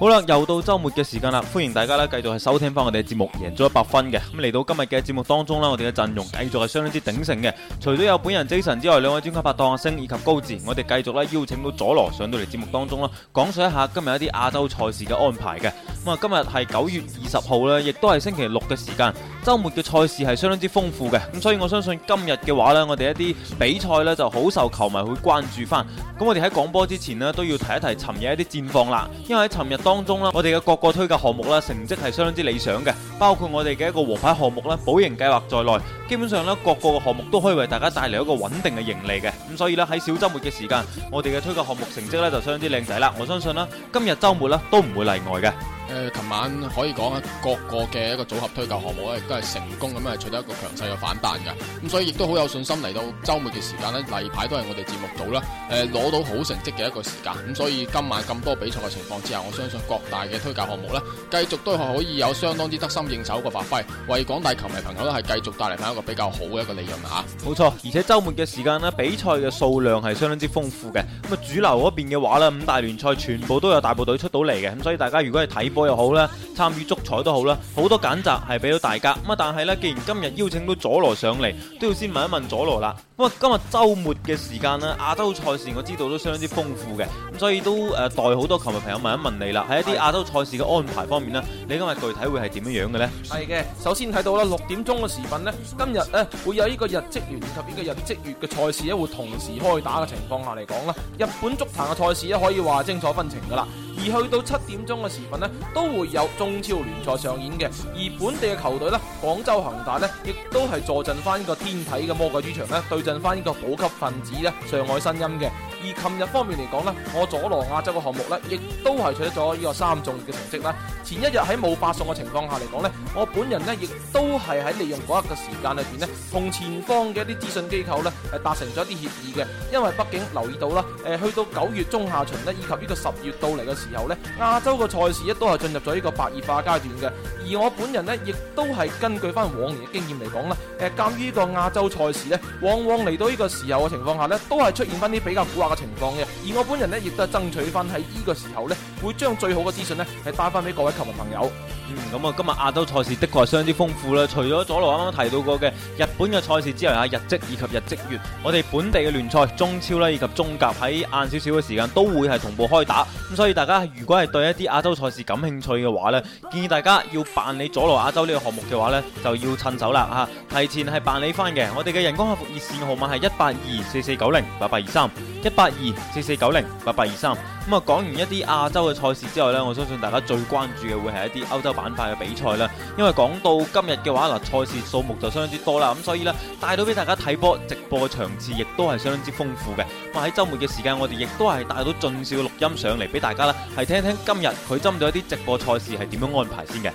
好啦，又到周末嘅時間啦，歡迎大家咧繼續係收聽翻我哋嘅節目，贏足 100FUN 嘅。咁嚟到今日嘅節目當中啦，我哋嘅陣容繼續係相當之鼎盛嘅。除咗有本人 Jason 之外，兩位專家拍檔阿星以及高志，我哋繼續咧邀請到佐羅上到嚟節目當中啦，講述一下今日一啲亞洲賽事嘅安排嘅。咁啊，今日係九月二十號啦，亦都係星期六嘅時間。周末嘅賽事係相當之豐富嘅，咁所以我相信今日嘅話呢，我哋一啲比賽呢就好受球迷會關注翻。咁我哋喺講波之前呢，都要提一提尋日一啲戰況啦，因為喺尋日當中呢，我哋嘅各個推介項目啦，成績係相當之理想嘅，包括我哋嘅一個王牌項目啦，保盈計劃在內，基本上呢，各個嘅項目都可以為大家帶嚟一個穩定嘅盈利嘅。咁所以呢，喺小周末嘅時間，我哋嘅推介項目成績呢，就相當之靚仔啦。我相信啦，今日周末呢，都唔會例外嘅。誒，琴晚可以講啊，各個嘅一個組合推介項目咧，都係成功咁樣係取得一個強勢嘅反彈嘅。咁所以亦都好有信心嚟到週末嘅時間呢，例牌都係我哋節目組啦，誒攞到好成績嘅一個時間。咁所以今晚咁多比賽嘅情況之下，我相信各大嘅推介項目呢，繼續都係可以有相當之得心應手嘅發揮，為廣大球迷朋友咧係繼續帶嚟翻一個比較好嘅一個利潤啊！冇錯，而且週末嘅時間呢，比賽嘅數量係相當之豐富嘅。咁啊，主流嗰邊嘅話呢，五大聯賽全部都有大部隊出到嚟嘅，咁所以大家如果係睇又好啦，參與足彩都好啦，好多揀擇係俾到大家。咁啊，但係呢，既然今日邀請到佐羅上嚟，都要先問一問佐羅啦。咁啊，今日週末嘅時間呢，亞洲賽事我知道都相當之豐富嘅，咁所以都誒代好多球迷朋友問一問你啦。喺一啲亞洲賽事嘅安排方面呢，你今日具體會係點樣樣嘅呢？係嘅，首先睇到啦，六點鐘嘅時分呢，今日咧會有呢個日職聯及呢個日職乙嘅賽事咧，會同時開打嘅情況下嚟講啦，日本足壇嘅賽事咧可以話精彩紛呈㗎啦。而去到七點鐘嘅時分呢，都會有中超聯賽上演嘅，而本地嘅球隊咧，廣州恒大咧，亦都係坐鎮翻，呢個天體嘅魔鬼主場咧，對陣翻呢個保級分子咧，上海申鑫嘅。而琴日方面嚟講咧，我佐羅亞洲嘅項目咧，亦都係取得咗呢個三中嘅成績啦。前一日喺冇發送嘅情況下嚟講咧，我本人咧亦都係喺利用嗰一刻時間裏邊咧，同前方嘅一啲資訊機構咧，係達成咗一啲協議嘅。因為畢竟留意到啦，誒，去到九月中下旬咧，以及呢個十月到嚟嘅時候咧，亞洲嘅賽事亦都係。進入咗呢個白熱化階段嘅，而我本人呢，亦都係根據翻往年嘅經驗嚟講啦，誒，鑒於呢個亞洲賽事呢，往往嚟到呢個時候嘅情況下呢，都係出現翻啲比較古惑嘅情況嘅，而我本人呢，亦都係爭取翻喺呢個時候呢，會將最好嘅資訊呢，係帶翻俾各位球迷朋友。咁啊、嗯，今日亞洲賽事的確係相當之豐富啦。除咗佐羅啱啱提到過嘅日本嘅賽事之外，啊，日職以及日職月，我哋本地嘅聯賽、中超啦以及中甲喺晏少少嘅時間都會係同步開打。咁所以大家如果係對一啲亞洲賽事感興趣嘅話呢，建議大家要辦理佐羅亞洲呢個項目嘅話呢，就要趁手啦嚇，提前係辦理翻嘅。我哋嘅人工客服熱線號碼係一八二四四九零八八二三，一八二四四九零八八二三。咁啊，講完一啲亞洲嘅賽事之後咧，我相信大家最關注嘅會係一啲歐洲板塊嘅比賽啦。因為講到今日嘅話，嗱賽事數目就相當之多啦，咁所以呢，帶到俾大家睇波直播嘅場次，亦都係相當之豐富嘅。咁喺週末嘅時間，我哋亦都係帶到俊少嘅錄音上嚟俾大家啦，係聽聽今日佢針對一啲直播賽事係點樣安排先嘅。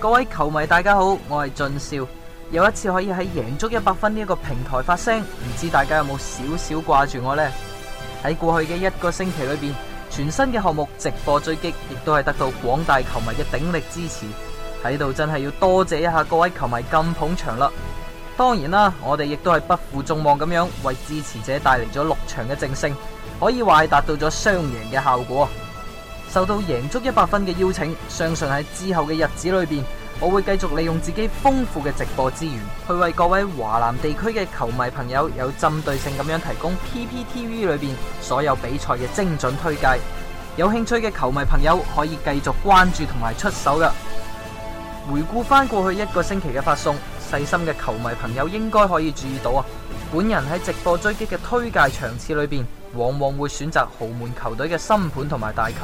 各位球迷大家好，我係俊少，有一次可以喺贏足一百 FUN 呢一個平台發聲，唔知大家有冇少少掛住我呢？喺過去嘅一個星期裏邊，全新嘅項目直播追擊，亦都係得到廣大球迷嘅鼎力支持，喺度真係要多謝一下各位球迷咁捧場啦。當然啦，我哋亦都係不負眾望咁樣，為支持者帶嚟咗六場嘅正勝，可以話係達到咗雙贏嘅效果。受到贏足 100FUN 嘅邀請，相信喺之後嘅日子裏邊，我會繼續利用自己豐富嘅直播資源，去為各位華南地區嘅球迷朋友有針對性咁樣提供 PPTV 裏邊所有比賽嘅精準推介。有興趣嘅球迷朋友可以繼續關注同埋出手㗎。回顧返過去一個星期嘅發送，細心嘅球迷朋友應該可以注意到啊，本人喺直播追擊嘅推介場次裏邊，往往會選擇豪門球隊嘅新盤同埋大球。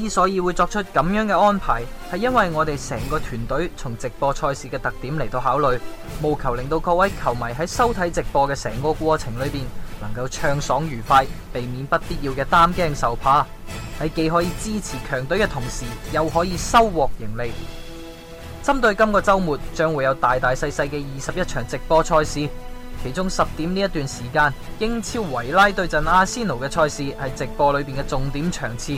之所以會作出咁樣嘅安排，係因為我哋成個團隊從直播賽事嘅特點嚟到考慮，務求令到各位球迷喺收睇直播嘅成個過程裏邊能夠暢爽愉快，避免不必要嘅擔驚受怕，喺既可以支持強隊嘅同時，又可以收穫盈利。針對今個周末將會有大大細細嘅二十一場直播賽事，其中十點呢一段時間，英超維拉對陣阿仙奴嘅賽事係直播裏邊嘅重點場次。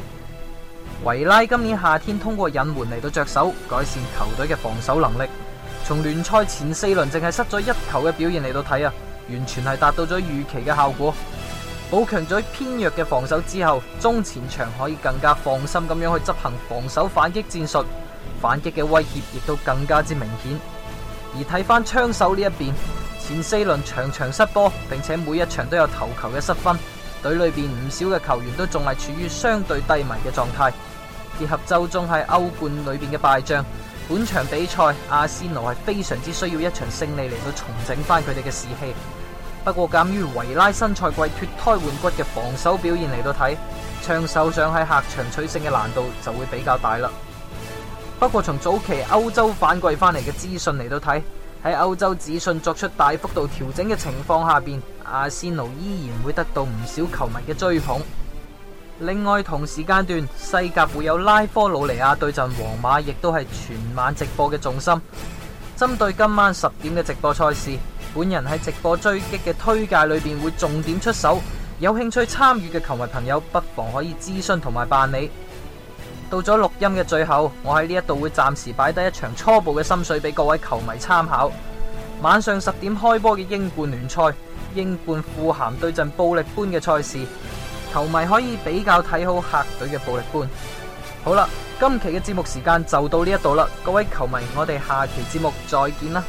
維拉今年夏天通過引援，嚟到着手改善球隊嘅防守能力。從聯賽前四輪淨係失咗一球嘅表現嚟到睇啊，完全係達到咗預期嘅效果，補強咗偏弱嘅防守之後，中前場可以更加放心咁樣去執行防守反擊戰術，反擊嘅威脅亦都更加之明顯。而睇翻槍手呢一邊，前四輪場場失波，並且每一場都有頭球嘅失分，隊裏邊唔少嘅球員都仲係處於相對低迷嘅狀態。結合周中喺歐冠裏邊嘅敗仗，本場比賽阿仙奴係非常之需要一場勝利嚟到重整翻佢哋嘅士氣。不過鑒於維拉新賽季脱胎換骨嘅防守表現嚟到睇，槍手上喺客場取勝嘅難度就會比較大啦。不過從早期歐洲反季翻嚟嘅資訊嚟到睇，喺歐洲指數作出大幅度調整嘅情況下邊，阿仙奴依然會得到唔少球迷嘅追捧。另外同時間段，西甲會有拉科魯尼亞對陣皇馬，亦都係全晚直播嘅重心。針對今晚十點嘅直播賽事，本人喺直播追擊嘅推介裏邊會重點出手，有興趣參與嘅球迷朋友不妨可以諮詢同埋辦理。到咗錄音嘅最後，我喺呢一度會暫時擺低一場初步嘅心水俾各位球迷參考。晚上十點開波嘅英冠聯賽，英冠富咸對陣暴力般嘅賽事。球迷可以比較睇好客隊嘅暴力觀。好啦，今期嘅節目時間就到呢一度啦，各位球迷，我哋下期節目再見啦。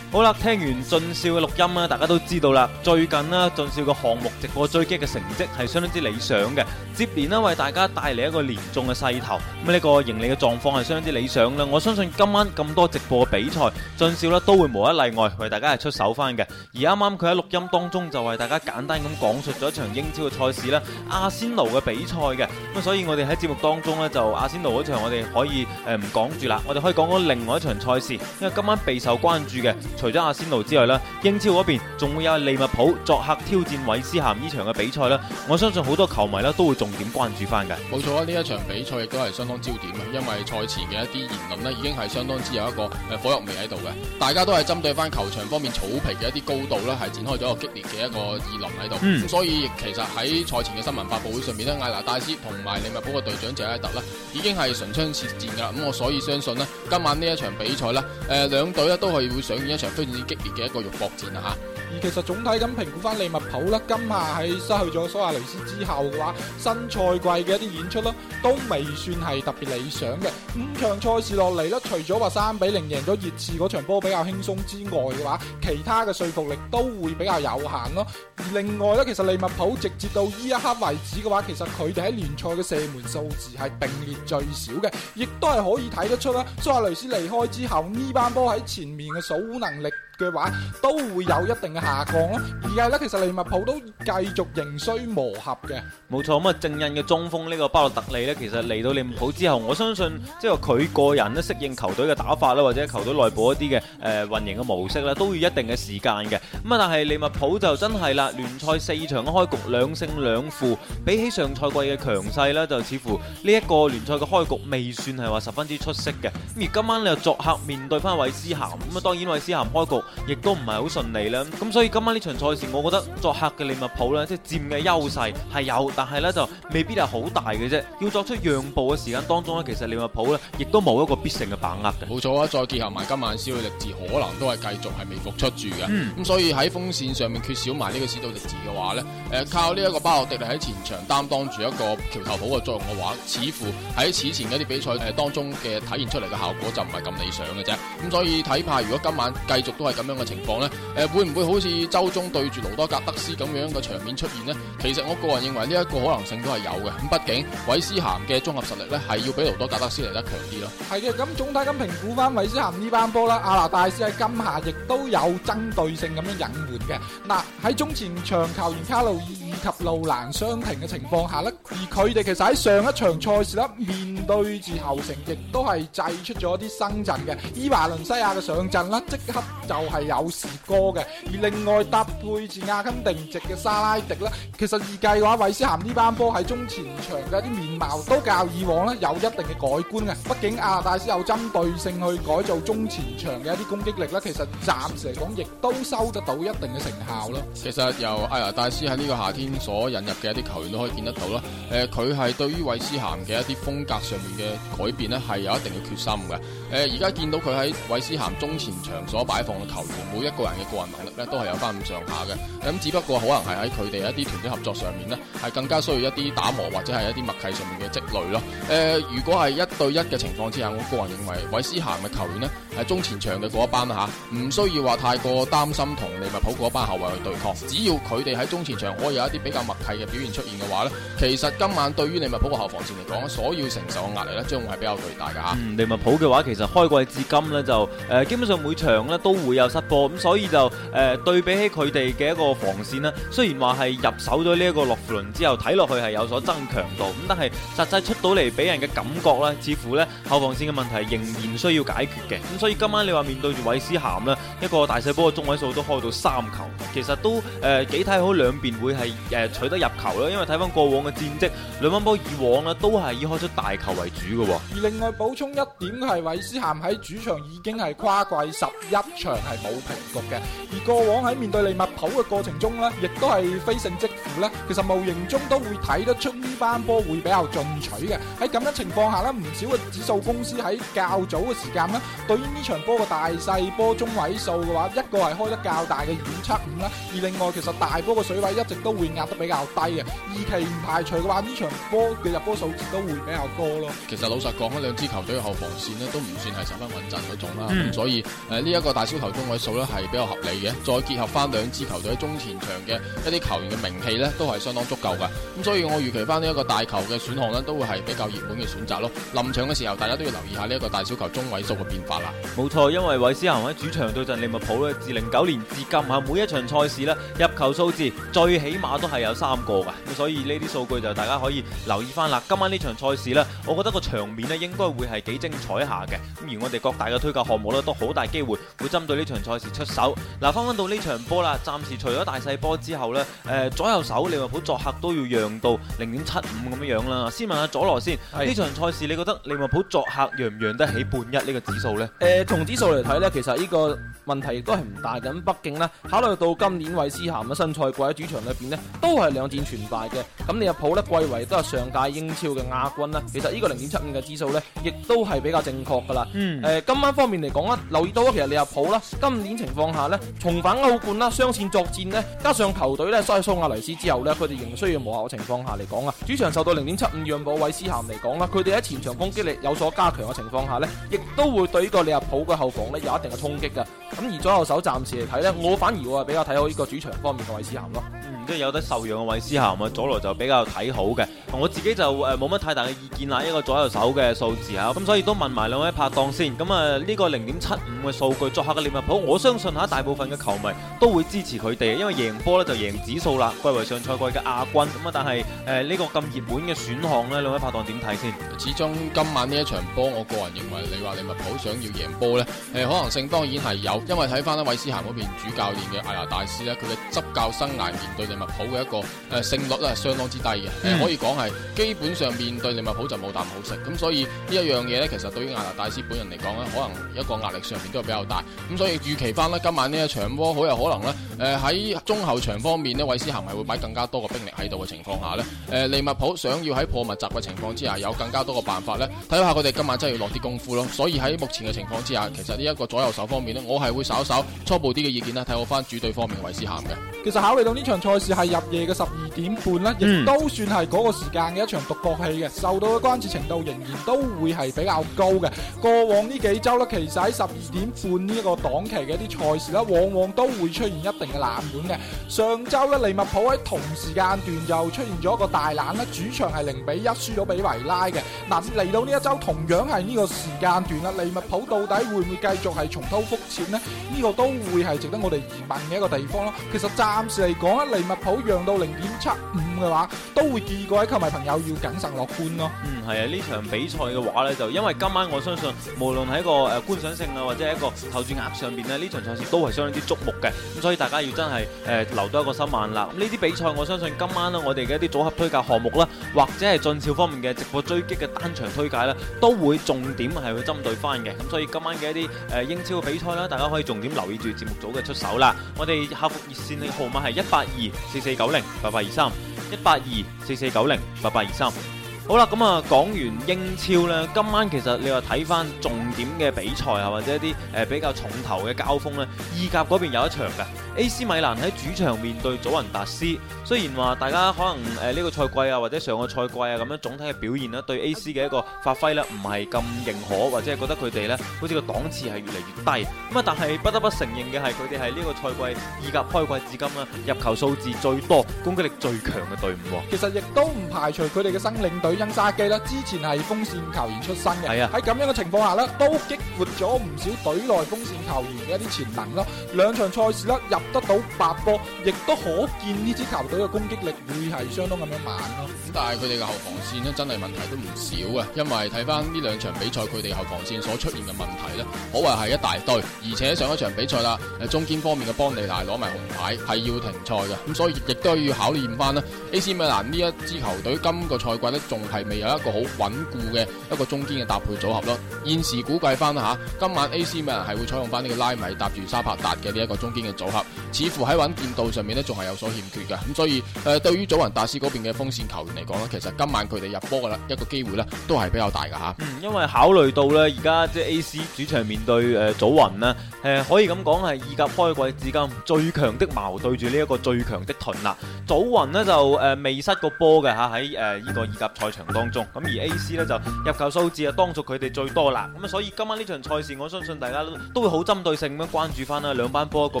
好啦，聽完俊少嘅錄音啦，大家都知道啦，最近啦俊少個項目直播的追擊嘅成績係相當之理想嘅，接連啦為大家帶嚟一個連中嘅勢頭，咁呢個盈利嘅狀況係相當之理想啦。我相信今晚咁多直播嘅比賽，俊少呢都會無一例外為大家係出手翻嘅。而啱啱佢喺錄音當中就為大家簡單咁講述咗一場英超嘅賽事啦，阿仙奴嘅比賽嘅，咁所以我哋喺節目當中呢，就阿仙奴嗰場我哋可以誒唔講住啦，我哋可以講講另外一場賽事，因為今晚備受關注嘅。除咗阿仙奴之外咧，英超嗰邊仲會有利物浦作客挑戰韋斯咸呢場嘅比賽咧，我相信好多球迷咧都會重點關注翻嘅。冇錯啊，呢一場比賽亦都係相當焦點啊，因為賽前嘅一啲言論咧，已經係相當之有一個誒火藥味喺度嘅，大家都係針對翻球場方面草皮嘅一啲高度咧，係展開咗一個激烈嘅一個議論喺度。咁、嗯、所以其實喺賽前嘅新聞發佈會上面咧，艾拿戴斯同埋利物浦嘅隊長謝拉特啦，已經係唇槍舌戰噶啦。咁我所以我相信咧，今晚呢一場比賽咧，誒兩隊咧都係會上演一場。非常之激烈嘅一個肉搏戰啊。而其實總體咁評估翻利物浦咧，今夏喺失去咗蘇亞雷斯之後嘅話，新賽季嘅一啲演出咧都未算係特別理想嘅。五場賽事落嚟咧，除咗話三比零贏咗熱刺嗰場波比較輕鬆之外嘅話，其他嘅說服力都會比較有限咯。而另外咧，其實利物浦直接到呢一刻為止嘅話，其實佢哋喺聯賽嘅射門數字係並列最少嘅，亦都係可以睇得出啦。蘇亞雷斯離開之後，呢班波喺前面嘅守護能力。嘅話都會有一定嘅下降咯，而家咧其實利物浦都繼續仍需磨合嘅。冇錯，咁啊正印嘅中鋒呢個巴洛特利呢，其實嚟到利物浦之後，我相信即係佢個人咧適應球隊嘅打法啦，或者球隊內部一啲嘅誒運營嘅模式啦，都要有一定嘅時間嘅。咁啊，但係利物浦就真係啦，聯賽四場嘅開局兩勝兩負，比起上賽季嘅強勢呢，就似乎呢一個聯賽嘅開局未算係話十分之出色嘅。咁而今晚你又作客面對翻韋斯咸，咁啊當然韋斯咸開局。亦都唔係好順利啦，咁所以今晚呢場賽事，我覺得作客嘅利物浦呢，即係佔嘅優勢係有，但係呢就未必係好大嘅啫。要作出讓步嘅時間當中呢，其實利物浦呢亦都冇一個必勝嘅把握嘅。冇錯啊，再結合埋今晚史杜列治可能都係繼續係未復出住嘅，咁、嗯、所以喺鋒線上面缺少埋呢個史杜列治嘅話呢，誒、呃、靠呢一個巴洛迪喺前場擔當住一個橋頭堡嘅作用嘅話，似乎喺此前一啲比賽當中嘅體現出嚟嘅效果就唔係咁理想嘅啫。咁所以睇怕如果今晚繼續都係。咁樣嘅情況呢，誒會唔會好似周中對住盧多格德斯咁樣嘅場面出現呢？其實我個人認為呢一個可能性都係有嘅。咁畢竟韋斯咸嘅綜合實力呢，係要比盧多格德斯嚟得強啲咯。係嘅，咁總體咁評估翻韋斯咸呢班波啦。阿、啊、拿大師喺今夏亦都有針對性咁樣隱瞞嘅。嗱、啊、喺中前場球員卡路易。及路蘭相停嘅情況下咧，而佢哋其實喺上一場賽事咧，面對住后城，亦都係祭出咗啲新陣嘅。伊華倫西亞嘅上陣咧，即刻就係有時歌嘅，而另外搭配住阿根廷籍嘅沙拉迪咧，其實預計嘅話，韋斯咸呢班波喺中前場嘅啲面貌都較以往咧有一定嘅改觀嘅。畢竟亞亞大師有針對性去改造中前場嘅一啲攻擊力咧，其實暫時嚟講亦都收得到一定嘅成效咯。其實由亞亞大師喺呢個夏天。所引入嘅一啲球員都可以見得到啦。誒、呃，佢係對於韋斯咸嘅一啲風格上面嘅改變咧，係有一定嘅決心嘅。誒、呃，而家見到佢喺韋斯咸中前場所擺放嘅球員，每一個人嘅個人能力咧都係有翻咁上下嘅。咁只不過可能係喺佢哋一啲團隊合作上面咧，係更加需要一啲打磨或者係一啲默契上面嘅積累咯。誒、呃，如果係一對一嘅情況之下，我個人認為韋斯咸嘅球員咧，係中前場嘅嗰一班啦，唔需要話太過擔心同利物浦嗰班後衛去對抗，只要佢哋喺中前場可以有一啲比較默契嘅表現出現嘅話呢，其實今晚對於利物浦個後防線嚟講，所要承受嘅壓力咧，將會係比較巨大嘅嚇、嗯。利物浦嘅話，其實開季至今呢，就誒、呃，基本上每場咧都會有失波，咁所以就誒對、呃、比起佢哋嘅一個防線呢，雖然話係入手咗呢一個洛夫倫之後，睇落去係有所增強度，咁但係實際出到嚟俾人嘅感覺呢，似乎呢後防線嘅問題仍然需要解決嘅。所以今晚你話面對住韋斯咸咧，一個大細波嘅中位數都開到三球，其實都誒幾睇好兩邊會係誒、呃、取得入球咯。因為睇翻過往嘅戰績，兩班波以往咧都係以開出大球為主嘅，哦。而另外補充一點係韋斯咸喺主場已經係跨季十一場係冇平局嘅，而過往喺面對利物浦嘅過程中呢，亦都係非勝即負呢，其實無形中都會睇得出呢班波會比較進取嘅。喺咁樣嘅情況下呢，唔少嘅指數公司喺較早嘅時間呢，對於呢場波嘅大細波中位數嘅話，一個係開得較大嘅二七五啦，而另外其實大波嘅水位一直都會壓得比較低嘅，預期唔排除嘅話，呢場波嘅入波數字都會比較多咯。其實老實講咧，兩支球隊嘅後防線咧都唔算係十分穩陣嗰種啦，咁、嗯、所以誒呢一個大小球中位數呢係比較合理嘅，再結合翻兩支球隊中前場嘅一啲球員嘅名氣呢，都係相當足夠噶，咁所以我預期翻呢一個大球嘅選項呢，都會係比較熱門嘅選擇咯。臨場嘅時候，大家都要留意一下呢一個大小球中位數嘅變化啦。冇錯，因為韋斯咸喺主場對陣利物浦咧，自零九年至今啊，每一場賽事咧入球數字最起碼都係有三個噶，咁所以呢啲數據就大家可以留意翻啦。今晚呢場賽事咧，我覺得個場面咧應該會係幾精彩下嘅。咁而我哋各大嘅推介項目咧都好大機會會針對呢場賽事出手。嗱，翻翻到呢場波啦，暫時除咗大細波之後咧，誒，左右手利物浦作客都要讓到零點七五咁樣樣啦。先問下佐羅先，呢是的 場賽事你覺得利物浦作客讓唔讓得起半一呢個指數呢？誒，從指數嚟睇呢，其實呢個問題亦都係唔大咁。畢竟呢，考慮到今年衛斯咸嘅新賽季喺主場裏邊呢都係兩戰全敗嘅。咁利物浦呢，貴為都係上屆英超嘅亞軍啦。其實這個呢個零點七五嘅指數呢亦都係比較正確噶啦。誒、嗯呃，今晚方面嚟講咧，留意到其實利物浦啦，今年情況下呢，重返歐冠啦，雙線作戰呢，加上球隊呢，失去蘇亞雷斯之後呢，佢哋仍需要磨合嘅情況下嚟講啊，主場受到零點七五讓步，衛斯咸嚟講啦，佢哋喺前場攻擊力有所加強嘅情況下呢，亦都會對呢個利好嘅後防呢，有一定嘅衝擊噶，咁而左右手暫時嚟睇呢，我反而我係比較睇好呢個主場方面嘅韋斯咸咯。即係、嗯、有得受讓嘅韋斯咸啊，佐羅就比較睇好嘅。我自己就誒冇乜太大嘅意見啦，一、這個左右手嘅數字啊。咁所以都問埋兩位拍檔先。咁啊呢個零點七五嘅數據作客嘅利物浦，我相信吓大部分嘅球迷都會支持佢哋，因為贏波呢就贏指數啦。貴為上賽季嘅亞軍，咁啊但係誒呢個咁熱門嘅選項呢，兩位拍檔點睇先看？始終今晚呢一場波，我個人認為你話利物浦想要贏。波咧，誒可能性當然係有，因為睇翻咧，韋斯咸嗰邊主教練嘅艾拿大師咧，佢嘅執教生涯面對利物浦嘅一個誒勝、呃、率咧係相當之低嘅、嗯呃，可以講係基本上面對利物浦就冇啖好食，咁所以這一呢一樣嘢咧，其實對於艾拿大師本人嚟講咧，可能一個壓力上面都係比較大，咁所以預期翻呢，今晚呢一場波好有可能咧，誒、呃、喺中後場方面呢，韋斯咸係會擺更加多嘅兵力喺度嘅情況下咧，誒、呃、利物浦想要喺破密集嘅情況之下有更加多嘅辦法咧，睇下佢哋今晚真係要落啲功夫咯，所以喺目前嘅情況。講之下，其實呢一個左右手方面咧，我係會稍稍初步啲嘅意見啦，睇好翻主隊方面為先嘅。其實考慮到呢場賽事係入夜嘅十二點半咧，亦都算係嗰個時間嘅一場獨角戲嘅，受到嘅關注程度仍然都會係比較高嘅。過往呢幾周，呢其實喺十二點半呢一個檔期嘅一啲賽事呢，往往都會出現一定嘅冷門嘅。上週呢利物浦喺同時間段就出現咗一個大冷啦，主場係零比一輸咗俾維拉嘅。嗱，嚟到呢一周同樣係呢個時間段啦，利物浦到底會唔會繼續係重蹈覆轍呢？呢、呢個都會係值得我哋疑問嘅一個地方咯。其實，暫時嚟講咧，利物浦讓到零點七五嘅話，都會建議各位球迷朋友要謹慎樂觀咯。嗯，係啊，呢場比賽嘅話咧，就因為今晚我相信，無論喺個誒觀賞性啊，或者係一個投注額上邊咧，呢場賽事都係相當之矚目嘅。咁所以大家要真係誒留多一個心眼啦。呢啲比賽我相信今晚咧，我哋嘅一啲組合推介項目啦，或者係俊少方面嘅直播追擊嘅單場推介咧，都會重點係去針對翻嘅。咁所以今晚嘅一啲誒英超嘅比賽啦，大家可以重點留意住節目組嘅出手啦。我哋客服熱線咧。號碼係一八二四四九零八八二三，一八二四四九零八八二三。好啦，咁啊，講完英超咧，今晚其實你話睇翻重點嘅比賽啊，或者一啲誒比較重頭嘅交鋒咧，意甲嗰邊有一場嘅，A.C. 米蘭喺主場面對祖雲達斯。雖然話大家可能誒呢個賽季啊，或者上個賽季啊咁樣總體嘅表現呢，對 A.C. 嘅一個發揮呢，唔係咁認可，或者係覺得佢哋咧，好似個檔次係越嚟越低。咁啊，但係不得不承認嘅係，佢哋係呢個賽季意甲開季至今啦，入球數字最多，攻擊力最強嘅隊伍。其實亦都唔排除佢哋嘅新領隊。因殺技啦，之前係鋒綫球員出身嘅，係啊，喺咁樣嘅情況下咧，都激活咗唔少隊內鋒綫球員嘅一啲潛能啦，兩場賽事咧，入得到八波，亦都可見呢支球隊嘅攻擊力會係相當咁樣猛咯。咁但係佢哋嘅後防綫咧，真係問題都唔少啊，因為睇翻呢兩場比賽佢哋後防綫所出現嘅問題咧，可謂係一大堆。而且上一場比賽啦，誒中堅方面嘅邦尼尼攞埋紅牌係要停賽嘅，咁所以亦都要考驗翻咧。AC 米蘭呢一支球隊今個賽季咧仲係未有一個好穩固嘅一個中堅嘅搭配組合咯。現時估計翻啦吓，今晚 A.C. 咪係會採用翻呢個拉米搭住沙帕達嘅呢一個中堅嘅組合，似乎喺穩健度上面呢仲係有所欠缺嘅。咁所以誒，對於早雲達斯嗰邊嘅鋒線球員嚟講呢，其實今晚佢哋入波嘅啦一個機會呢都係比較大嘅吓。嗯，因為考慮到呢，而家即係 A.C. 主場面對誒早雲呢，誒可以咁講係意甲開季至今最強的矛對住呢一個最強的盾啦。早雲呢就誒未失過波嘅吓，喺誒呢個意甲賽。場當中，咁而 A.C. 呢就入球數字啊，當屬佢哋最多啦。咁啊，所以今晚呢場賽事，我相信大家都會好針對性咁樣關注翻啦，兩班波一個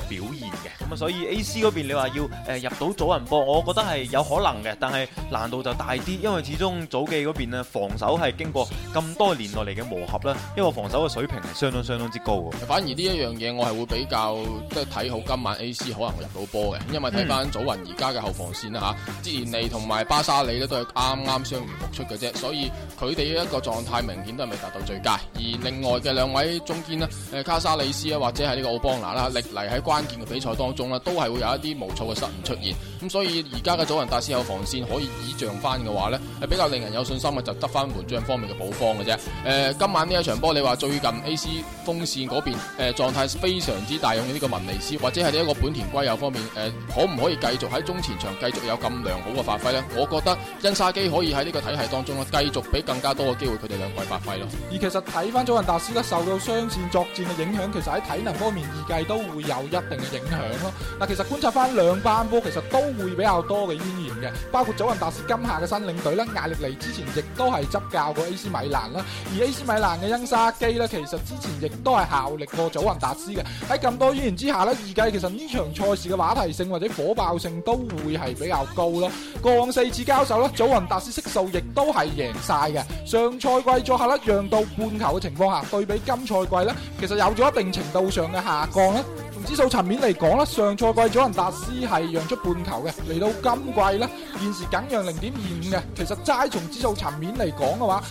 表現嘅。咁啊，所以 A.C. 嗰邊你話要誒入到早雲波，我覺得係有可能嘅，但係難度就大啲，因為始終祖記嗰邊呢防守係經過咁多年落嚟嘅磨合啦，因為防守嘅水平係相當相當之高。反而呢一樣嘢，我係會比較即係睇好今晚 A.C. 可能入到波嘅，因為睇翻早雲而家嘅後防線啦吓，哲連尼同埋巴沙里都係啱啱傷完。出嘅啫，所以佢哋一個狀態明顯都係未達到最佳，而另外嘅兩位中堅呢，誒、呃、卡沙里斯啊，或者係呢個奧邦拿啦，歷嚟喺關鍵嘅比賽當中呢，都係會有一啲無措嘅失誤出現。咁所以而家嘅祖雲達斯後防線可以倚仗翻嘅話呢，係比較令人有信心嘅，就得翻門將方面嘅補防嘅啫。誒、呃，今晚呢一場波，你話最近 A.C. 鋒線嗰邊誒狀態非常之大勇嘅呢個文尼斯，或者係呢一個本田圭佑方面，誒、呃、可唔可以繼續喺中前場繼續有咁良好嘅發揮呢？我覺得因沙基可以喺呢個提。係當中咯，繼續俾更加多嘅機會佢哋兩位發揮咯。而其實睇翻祖雲達斯咧，受到雙線作戰嘅影響，其實喺體能方面預計都會有一定嘅影響咯。嗱，其實觀察翻兩班波，其實都會比較多嘅淵源嘅，包括祖雲達斯今夏嘅新領隊咧，亞歷尼之前亦都係執教過 AC 米蘭啦。而 AC 米蘭嘅恩沙基咧，其實之前亦都係效力過祖雲達斯嘅。喺咁多淵源之下咧，預計其實呢場賽事嘅話題性或者火爆性都會係比較高咯。過往四次交手咧，祖雲達斯色數亦都係贏晒嘅，上賽季作客呢讓到半球嘅情況下，對比今賽季呢，其實有咗一定程度上嘅下降呢，從指數層面嚟講呢，上賽季佐仁達斯係讓出半球嘅，嚟到今季呢，現時僅讓零點二五嘅，其實齋從指數層面嚟講嘅話。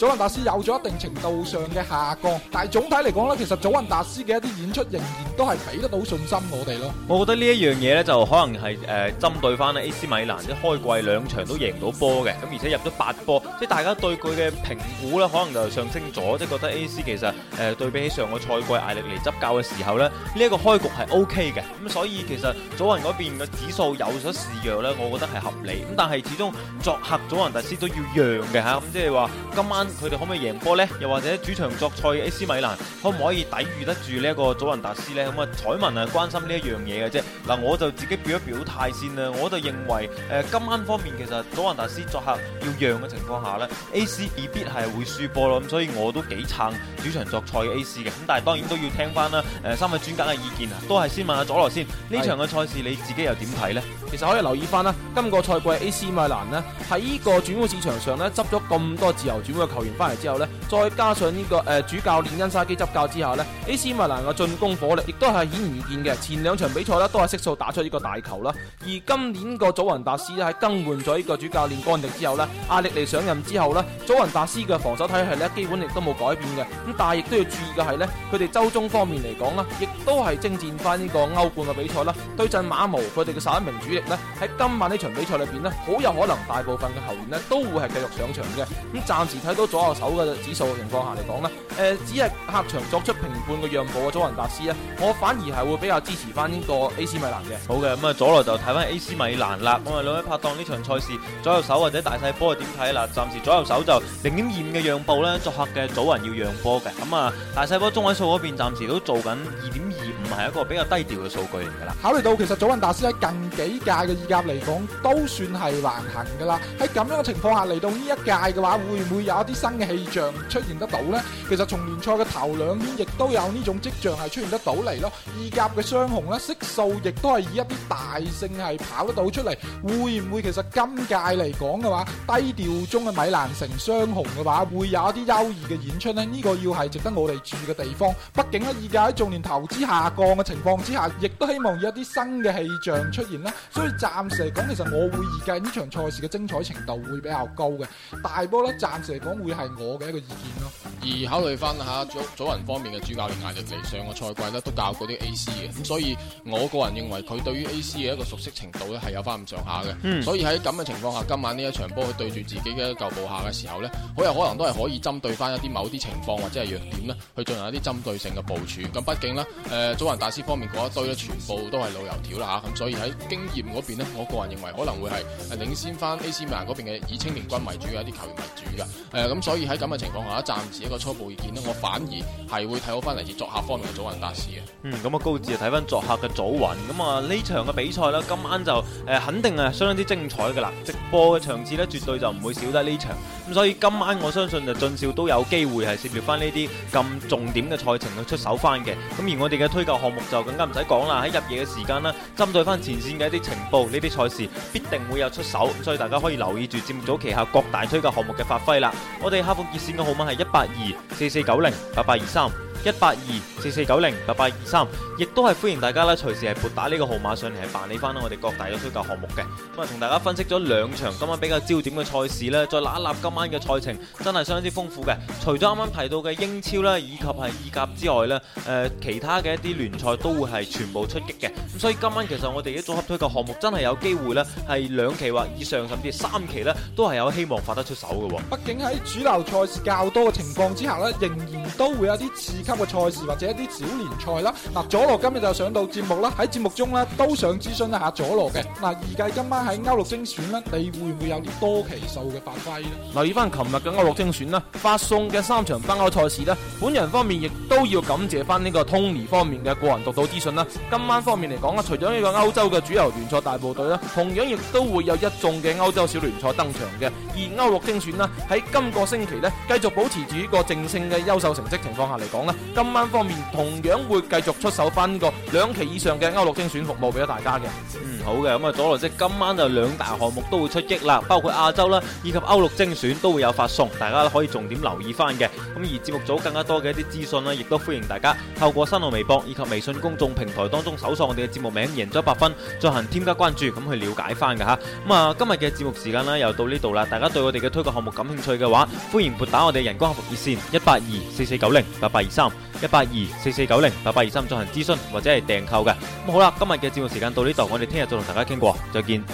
祖雲達斯有咗一定程度上嘅下降，但係總體嚟講呢，其實祖雲達斯嘅一啲演出仍然都係俾得到信心我哋咯。我覺得呢一樣嘢呢，就可能係誒針對翻呢 AC 米蘭，即係開季兩場都贏到波嘅，咁而且入咗八波，即係大家對佢嘅評估呢，可能就上升咗，即係覺得 AC 其實誒對比起上個賽季艾力尼執教嘅時候呢，呢一個開局係 OK 嘅。咁所以其實祖雲嗰邊嘅指數有所示弱呢，我覺得係合理。咁但係始終作客祖雲達斯都要讓嘅吓，咁即係話今晚。佢哋可唔可以贏波呢？又或者主場作賽嘅 AC 米蘭可唔可以抵禦得住呢一個祖雲達斯呢？咁啊，彩民啊，關心呢一樣嘢嘅啫。嗱，我就自己表一表態先啦。我就認為，誒、呃、今晚方面其實祖雲達斯作客要讓嘅情況下呢 AC 未必係會輸波咯。咁所以我都幾撐主場作賽嘅 AC 嘅。咁但係當然都要聽翻啦。誒、呃、三位專家嘅意見啊，都係先問一下佐羅先。呢的場嘅賽事你自己又點睇呢？其實可以留意翻啦。今個賽季 AC 米蘭呢，喺呢個轉會市場上呢，執咗咁多自由轉會嘅球完翻嚟之後咧，再加上呢、這個誒、呃、主教練恩沙基執教之下，呢 AC 米蘭嘅進攻火力亦都係顯而易見嘅。前兩場比賽呢，都係悉數打出呢個大球啦。而今年個祖雲達斯咧喺更換咗呢個主教練戈迪之後呢，阿力尼上任之後呢，祖雲達斯嘅防守體系呢，基本亦都冇改變嘅。咁但係亦都要注意嘅係呢，佢哋周中方面嚟講呢，亦都係征戰翻呢個歐冠嘅比賽啦。對陣馬毛，佢哋嘅十一名主力呢，喺今晚呢場比賽裏邊呢，好有可能大部分嘅球員呢，都會係繼續上場嘅。咁暫時睇到。左右手嘅指數嘅情況下嚟講咧，誒、呃、只係客場作出評判嘅讓步嘅祖雲達斯咧，我反而係會比較支持翻呢個 AC 米蘭嘅。好嘅，咁、嗯、啊左來就睇翻 AC 米蘭啦。咁啊兩位拍檔呢場賽事左右手或者大細波係點睇啦？暫時左右手就零點二五嘅讓步咧，作客嘅祖雲要讓波嘅。咁、嗯、啊大細波中位數嗰邊暫時都做緊二點二。係一個比較低調嘅數據嚟噶啦。考慮到其實祖雲達斯喺近幾屆嘅意甲嚟講都算係橫行噶啦。喺咁樣嘅情況下嚟到呢一屆嘅話，會唔會有一啲新嘅氣象出現得到呢？其實從聯賽嘅頭兩圈亦都有呢種跡象係出現得到嚟咯。意甲嘅雙雄咧，色數亦都係以一啲大勝係跑得到出嚟。會唔會其實今屆嚟講嘅話，低調中嘅米蘭城雙雄嘅話，會有一啲優異嘅演出呢？呢、這個要係值得我哋注意嘅地方。畢竟咧，意甲喺仲年頭之下。嘅情況之下，亦都希望有一啲新嘅氣象出現啦。所以暫時嚟講，其實我會預計呢場賽事嘅精彩程度會比較高嘅。大波咧，暫時嚟講會係我嘅一個意見咯。而考慮翻吓祖祖雲方面嘅主教練艾迪利，上個賽季咧都教過啲 A.C. 嘅，咁所以我個人認為佢對於 A.C. 嘅一個熟悉程度咧係有翻咁上下嘅。嗯、所以喺咁嘅情況下，今晚呢一場波佢對住自己嘅舊部下嘅時候咧，好有可能都係可以針對翻一啲某啲情況或者係弱點咧，去進行一啲針對性嘅部署。咁畢竟咧，誒、呃大師方面嗰一堆咧，全部都係老油條啦嚇，咁所以喺經驗嗰邊呢，我個人認為可能會係係領先翻 AC 米蘭嗰邊嘅以青年軍為主嘅一啲球員為主嘅，誒，咁所以喺咁嘅情況下，暫時一個初步意見呢，我反而係會睇好翻嚟自作客方面嘅祖雲大師嘅。嗯，咁啊高志啊睇翻作客嘅祖雲，咁啊呢場嘅比賽啦，今晚就誒肯定係相當之精彩噶啦，直播嘅場次呢，絕對就唔會少得呢場，咁所以今晚我相信就俊少都有機會係涉獵翻呢啲咁重點嘅賽程去出手翻嘅，咁而我哋嘅推介。項目就更加唔使講啦，喺入夜嘅時間啦，針對翻前綫嘅一啲情報，呢啲賽事必定會有出手，所以大家可以留意住節目組旗下各大推介項目嘅發揮啦。我哋客服熱線嘅號碼係一八二四四九零八八二三。一八二四四九零八八二三，23，亦都係歡迎大家啦，隨時係撥打呢個號碼上嚟係辦理翻我哋各大嘅推介項目嘅。咁啊，同大家分析咗兩場今晚比較焦點嘅賽事咧，再攞一攞今晚嘅賽程，真係相當之豐富嘅。除咗啱啱提到嘅英超啦，以及係意甲之外咧，誒、呃，其他嘅一啲聯賽都會係全部出擊嘅。咁所以今晚其實我哋嘅綜合推介項目真係有機會咧，係兩期或以上，甚至三期咧，都係有希望發得出手嘅、哦。畢竟喺主流賽事較多嘅情況之下咧，仍然都會有啲刺激。個賽事或者一啲小聯賽啦，嗱，佐羅今日就上到節目啦，喺節目中咧都想諮詢一下佐羅嘅嗱，預計今晚喺歐陸精選呢，你會唔會有啲多期數嘅發揮呢？留意翻琴日嘅歐陸精選啦，發送嘅三場分歐賽事呢，本人方面亦都要感謝翻呢個 Tony 方面嘅個人獨到資訊啦。今晚方面嚟講啦，除咗呢個歐洲嘅主流聯賽大部隊啦，同樣亦都會有一眾嘅歐洲小聯賽登場嘅，而歐陸精選啦喺今個星期呢，繼續保持住呢個正勝嘅優秀成績情況下嚟講咧。今晚方面同樣會繼續出手翻個兩期以上嘅歐陸精選服務俾咗大家嘅、嗯，嗯好嘅，咁啊，佐羅即今晚就兩大項目都會出擊啦，包括亞洲啦，以及歐陸精選都會有發送，大家可以重點留意翻嘅。咁而節目組更加多嘅一啲資訊咧，亦都歡迎大家透過新浪微博以及微信公眾平台當中搜索我哋嘅節目名《贏足 100FUN》，進行添加關注咁去了解翻嘅吓。咁啊，今日嘅節目時間呢，又到呢度啦，大家對我哋嘅推介項目感興趣嘅話，歡迎撥打我哋人工客服熱線一八二四四九零八八二三。一八二四四九零八八二三進行諮詢或者係訂購嘅，咁、嗯、好啦，今日嘅節目時間到呢度，我哋聽日再同大家傾過，再見。